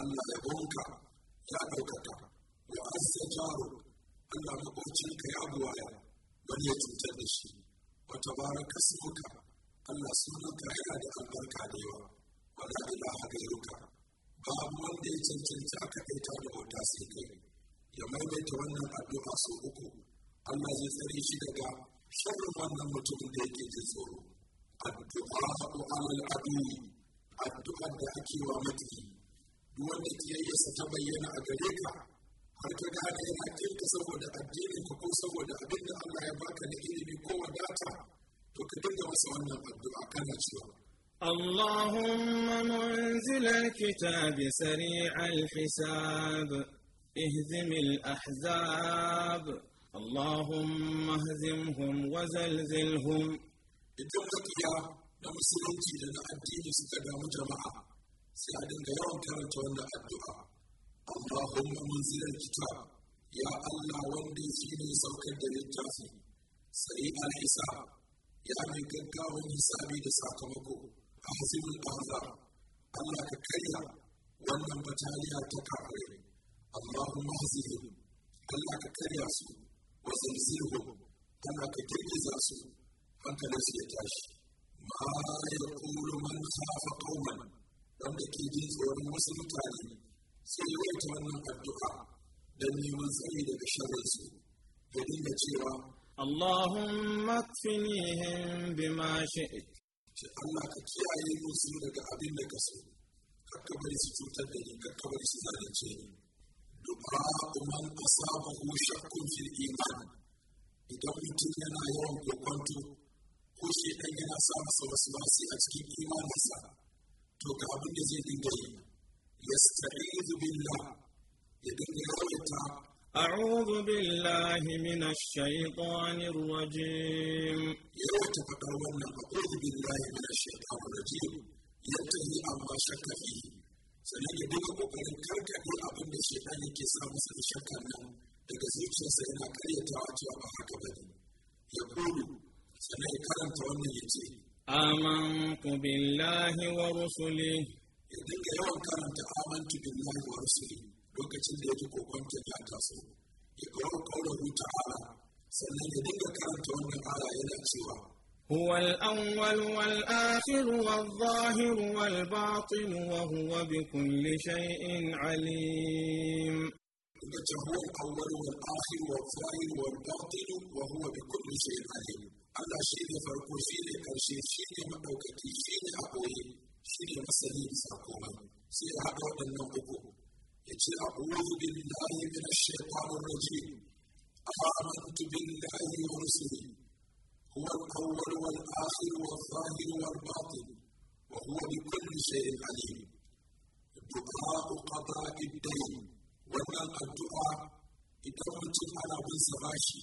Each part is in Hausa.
Allah ya bonka ya ɗaukaka ya azza jaro Allah maƙocinka ya buwaya bari ya cutar da shi wa tabaraka sunka Allah sunanka yana da albarka da yawa wa la ilaha gairuka babu wanda ya cancanci aka kaita da bauta sai kai ya maimaita wannan addu'a sau uku Allah zai tsare shi daga sharrin wannan mutumin da yake jin tsoro addu'a ko alal addu'i addu'ar da ake wa maki duk wanda kiyayyarsa ta bayyana a gare ka har ka gane yana kinka saboda addinin ka ko saboda abin da Allah ya baka na ilimi ko wadata to ka dinga masa wannan addu'a kana cewa اللهم منزل الكتاب سريع الحساب اهزم الأحزاب اللهم اهزمهم وزلزلهم إذا لك يا نمسلمتي لنا الدين استدام جماعة sai a dinga yawan karanta wannan addu'a Allahumma munzil kitab ya Allah wanda shi ne saukar da littafi sai al-hisab ya mai gaggawan hisabi da sakamako a hasibul ahzab Allah ka karya wannan bataliya ta kafirai Allahumma hazihim Allah ka karya su wa zalzilhum Allah ka girgiza su hankalinsu ya tashi ma yaqulu man khafa qauman wanda ke jin tsoron wasu mutane sai yawaita wannan addu'a don neman tsari daga sharrinsu ya dinga cewa اللهم اكفنيهم بما شئت Allah ka kiyaye musu daga abin da ka so kakka bari su cutar da ni kakka bari su zalunce ni du'a man asabahu shakkun fil iman idan mutum yana yawan kokonto ko shi dan yana sa masa wasu a cikin imaninsa to ga abin da zai dinga yi yasta'izu billah ya dinga yawaita أعوذ بالله من الشيطان الرجيم يتفكرون أعوذ بالله من الشيطان الرجيم ينتهي أما شك فيه sannan ya duka kokarin karkaɗe abin da shaitan yake sa masa da shakkar nan daga zuciyarsa yana karyatawa cewa ba haka ba ne ya kulu sannan ya karanta wannan ya ce آمنت بالله ورسله يدنك يوم كانت آمنت بالله ورسله لوكتين ديتك وقمت جاتا يقرأ قوله تعالى سنن يدنك كانت وانا على إلى سوى هو الأول والآخر والظاهر والباطن وهو بكل شيء عليم هو الأول والآخر والظاهر والباطن وهو بكل شيء عليم Allah shi ne farko shi ne ƙarshe shi ne maɗaukaki shi ne haƙoyi shi ne masani bisa komai sai ya haɗa waɗannan uku ya ce a ƙuwa billahi min shaitanir rajim amantu billahi wa rusuli هو الأول والآخر والظاهر والباطن وهو بكل شيء عليم الدعاء قضاء الدين ولا الدعاء إذا كنت على من سباشي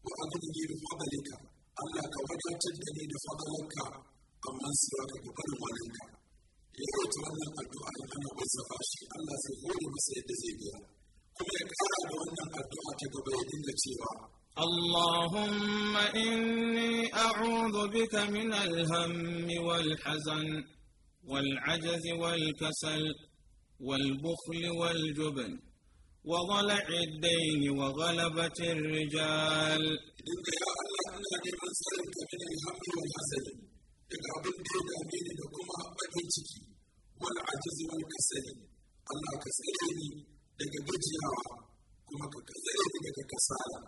ألا أما سواك الدعاء أنا وزفاشي ألا مسيد زيبيا كما الدعاء اللهم إني أعوذ بك من الهم والحزن والعجز والكسل والبخل والجبن وضلع الدين وغلبة الرجال إنك يا الله من والحسد والعجز والكسل الله كسلني لك بجيعة كما كسلني لك كسالة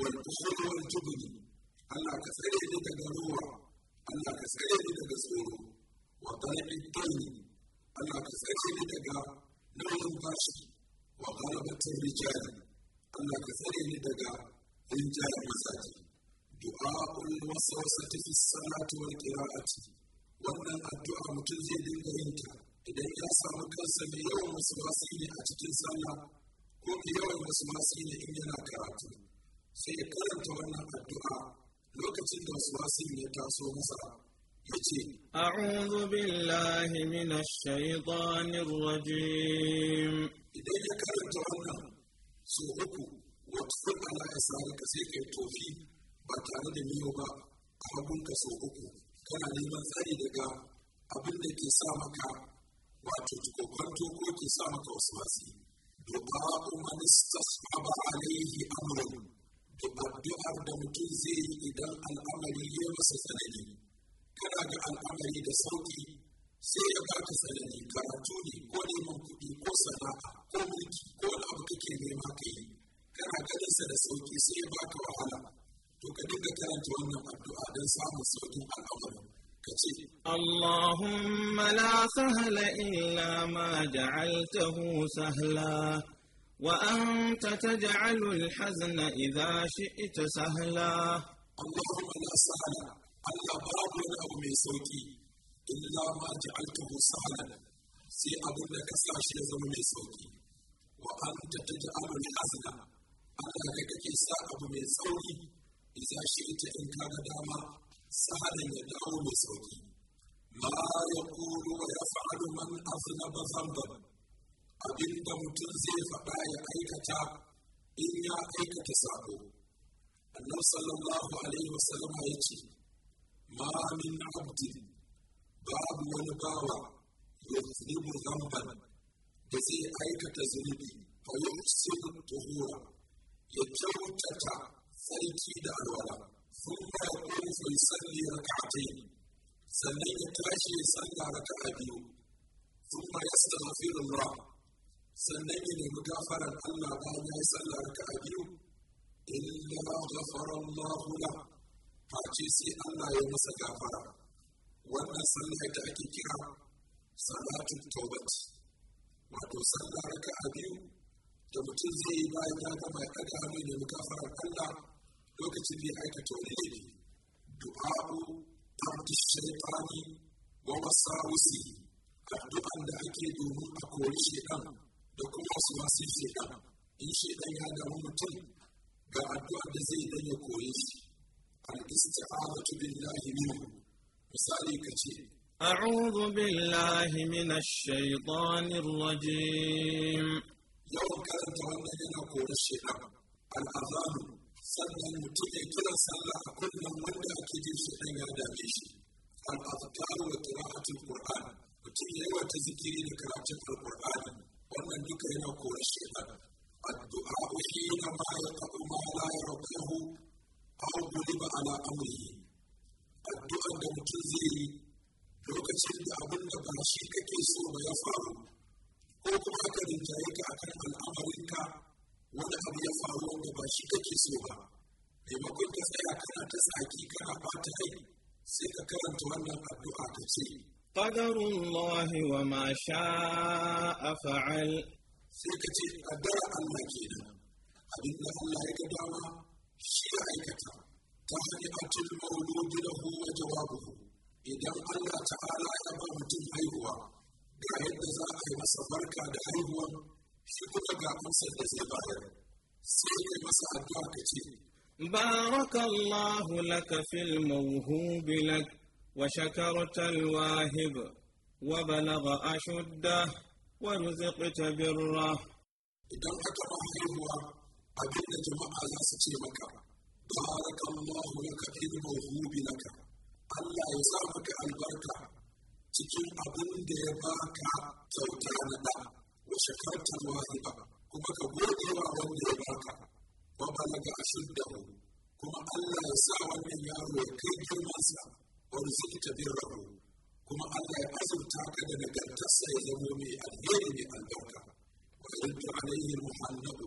والبخل والجبن الله كسلني لك جروع الله كسلني لك سور وطلب الدين الله كسلني لك نور باشر وغلبة الرجال أن كثير دقا رجال مزاجي دعاء الوسوسة في الصلاة والقراءة wannan addu'a mutum zai dinga yin ta idan ya samu kansa mai yawan wasu masu ne a cikin sallah ko mai yawan wasu masu ne in yana karatu sai ya karanta wannan addu'a lokacin da wasu masu ya taso masa أعوذ بالله من الشيطان الرجيم إذا كانت عنا سوءك وتفق على يسارك سيك التوفي بطانة ميوبا أحبك سوءك كان لمن ثاني دقا abin da ke sa maka wato kokonto ko ke sa maka wasu wasi du'a man istasaba alaihi amrun da addu'ar da mutum zai yi idan al'amari ya masa tsanani kana ga al'amari da sauki sai ya baka tsanani karatu ne ko neman kuɗi ko sana'a ko mulki ko wani abu kake nema ka yi kana ganinsa da sauki sai ya baka wahala to ka dinga karanta wannan addu'a don samun saukin al'amarin اللهم لا سهل إلا ما جعلته سهلا وأنت تجعل الحزن إذا شئت سهلا اللهم لا سهل ألا باب mai sauki illa ma ja'altahu sahlan sai abin da ka sa shi ya zama mai sauki wa anta taj'alu al-hazna Allah kai kake sa abu mai sauki idza shi'ta in ka ga dama sahlan ya dawo mai sauki ma yaqulu wa yaf'alu man aznaba dhanban abin da mutum zai faɗa ya aikata in ya aikata sako annabi sallallahu alaihi wasallam ya ce ما من عبد باب ونباوة يذنب ذنبا بزي أيك تذنب فيحسن الطهور يجو تتا فيكي دارولا ثم يقول فيصلي ركعتين سنين تاشي يصلى ركعة بيو ثم يستغفر الله سنين مكافرا أن لا يصلى ركعة بيو إلا غفر الله له face sai Allah ya masa gafara wannan sallah da ake kira salatu taubat wato sallah raka'a biyu da mutum zai yi bayan ya gama ya ɗaga hannu ya nemi gafarar Allah lokacin da ya aikata wani laifi du'a'u tarki shaitani wa wasawusi addu'an da ake domin a kori shaitan da kuma su wasu shaitan in shaitan ya damu mutum ga addu'ar da zai dan ya koye shi الاستعاذة بالله منه وسالي أعوذ بالله من الشيطان الرجيم يوم كانت عندنا الشيطان الأذكار وتراعة القرآن متبع وتذكير لكراعة القرآن ومن ذكرنا قول الشيطان الدعاء حين ما ما لا يرقه أو غلب على أمره أدوأ دمتزيري لوكاشين دا أبن دا برشيكا كيسو ويفارو أو كما كان جايكا أكان الأمر إنكا وانا أبي يفارو أن برشيكا كيسو با لما كنت فيها كان تسعى كيكا أباتهي سيكا كان توانا أدوأ تسي قدر الله وما شاء فعل سيكتي أدوأ المكينة أبن الله يكدوها شيعتك تهنئة المولود له وجوابه إذا الله تعالى يا mutum haihuwa ga yadda za a yi masa barka da haihuwa shi kuma ga amsar بارك الله لك في الموهوب لك وشكرت الواهب وبلغ أشده ورزقت بره إذا أتى هو abin da jama'a za su ce maka barakallahu laka fil mawhubi laka Allah ya sa maka albarka cikin abin da ya baka kyauta na da wa shakartar wahiba kuma ka gode wa wanda ya baka wa balaga ashuddahu kuma Allah ya sa wannan yaro ya kai girmansa wa rizqta birrahu kuma Allah ya azurta ka da nagartarsa ya zama mai alheri mai albarka wa yanzu alaihi muhammadu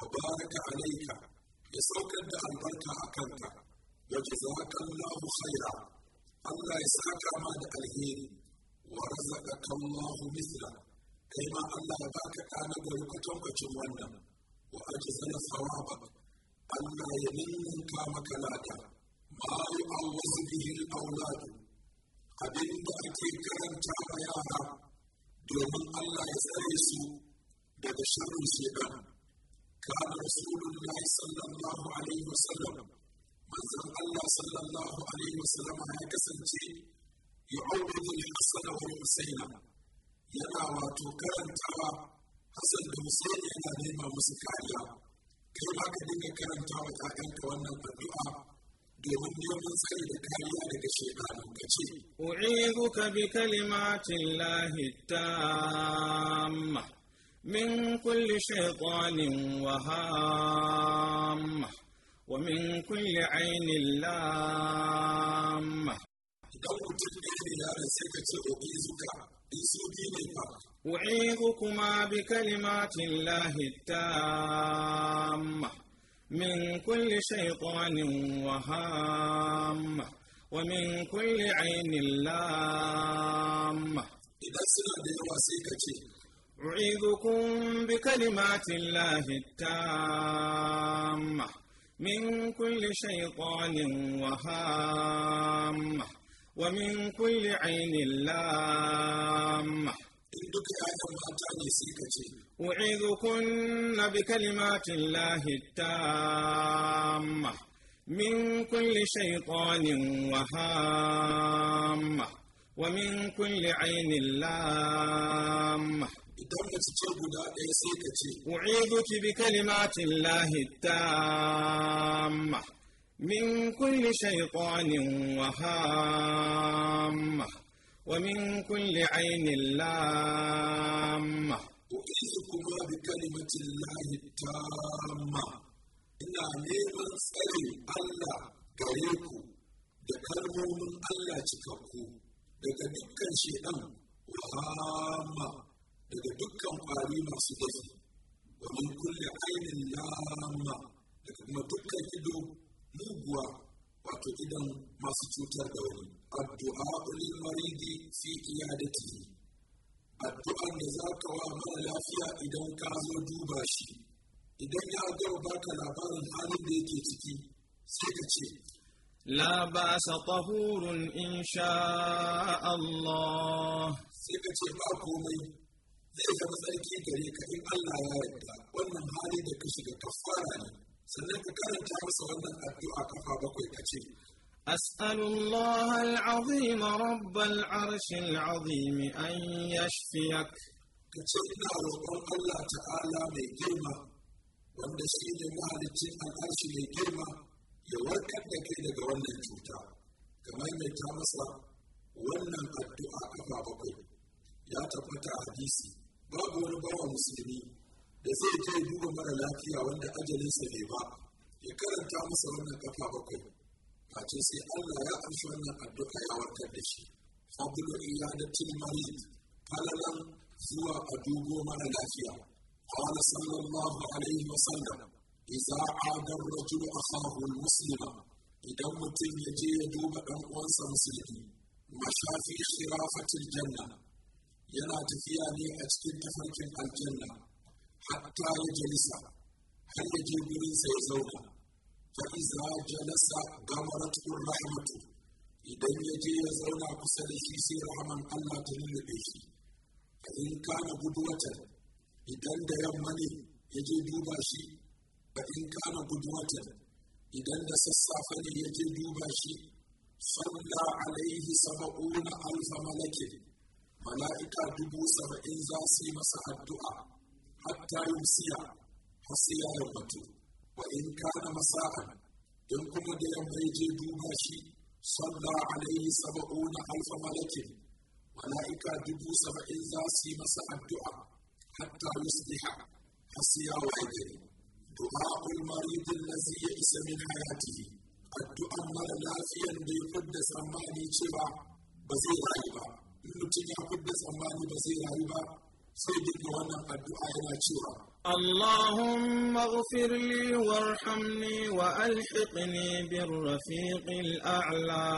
تبارك عليك يسرك بأمرك أكلت وجزاك الله خيرا الله يسعك ما الهين ورزقك الله مثله كما الله باك كان بلوك تنك تمنى وأجزل ثوابك الله يمين كامك لك ما يعوز به الأولاد قدم بأتي كرم تعبيانا دون الله يسأل يسوء بدشر سيئانا قال رسول الله صلى الله عليه وسلم منزل الله صلى الله عليه وسلم هيك سنتي يعوض لحسنه حسينا يلا واتو كرن توا حسن حسين يلا لما مسكايا كيما كدنا كرن توا تاكن توانا الدعاء أعيذك بكلمات الله التامة من كل شيطان وهام ومن كل عين لامة أعيذكما بكلمات الله التامة من كل شيطان وهام ومن كل عين لام إذا سنة أعيذكم بكلمات الله التامة من كل شيطان وهامة ومن كل عين لامة أعيذكن بكلمات الله التامة من كل شيطان وهامة ومن كل عين لامه أعيذك بكلمات الله التامة من كل شيطان وهامة ومن كل عين لامة أعيذكما بكلمة الله التامة إن عليم سري الله كريم دكرم من الله تكبه دكرم من شيطان وهامة daga dukkan ƙwari masu dafi wa min kulli ainin lamma daga kuma dukkan ido muguwa wato idan masu cutar da wani addu'a ulil maridi fi iyadati addu'an da za ka wa mara lafiya idan ka zo duba shi idan ya gama baka labarin halin da yake ciki sai ka ce لا بأس طهور إن شاء الله سيكتي باكو zai zama tsarki gare ka in Allah ya yarda wannan hali da ka shiga kafara ne sannan أسأل الله العظيم رب العرش العظيم أن يشفيك كتبنا ربنا الله تعالى من جرمة وندسين العرش الجوتا كما babu wani bawa musulmi da zai je duba mara lafiya wanda ajalinsa ne ba ya karanta masa wannan kafa bakwai face sai Allah ya amshi wannan addu'a ya warkar da shi fadlu iyadatil marid falalan zuwa a dubo mara lafiya قال صلى الله عليه وسلم إذا عاد الرجل أخاه المسلم إذا متن يجي يدوب أن أنس مسلم مشى في خرافة الجنة yana tafiya ne a cikin tafarkin aljanna hatta ya jalisa har ya je gurinsa ya zauna fa iza jalasa gamaratu rahmatu idan ya je ya zauna kusa da shi sai rahman Allah ta lullube shi in kana guduwatar idan da yamma ne ya je duba shi in kana guduwatar idan da sassafe ne ya je duba shi صلى عليه سبعون ألف ملك mala'ika dubu saba'in za su yi masa addu'a hatta yumsiya har sai ya yammatu wa in kana masa'an in kuma da yamma ya je duba shi salla alaihi saba'una alfa malakin mala'ika dubu saba'in za su yi masa addu'a hatta yusliha har sai ya waye gari du'a'ul marid allazi ya isa min hayatihi addu'an mara lafiyan da ya fidda tsammani cewa ba zai rayu ba اللهم اغفر لي وارحمني والحقني بالرفيق الاعلى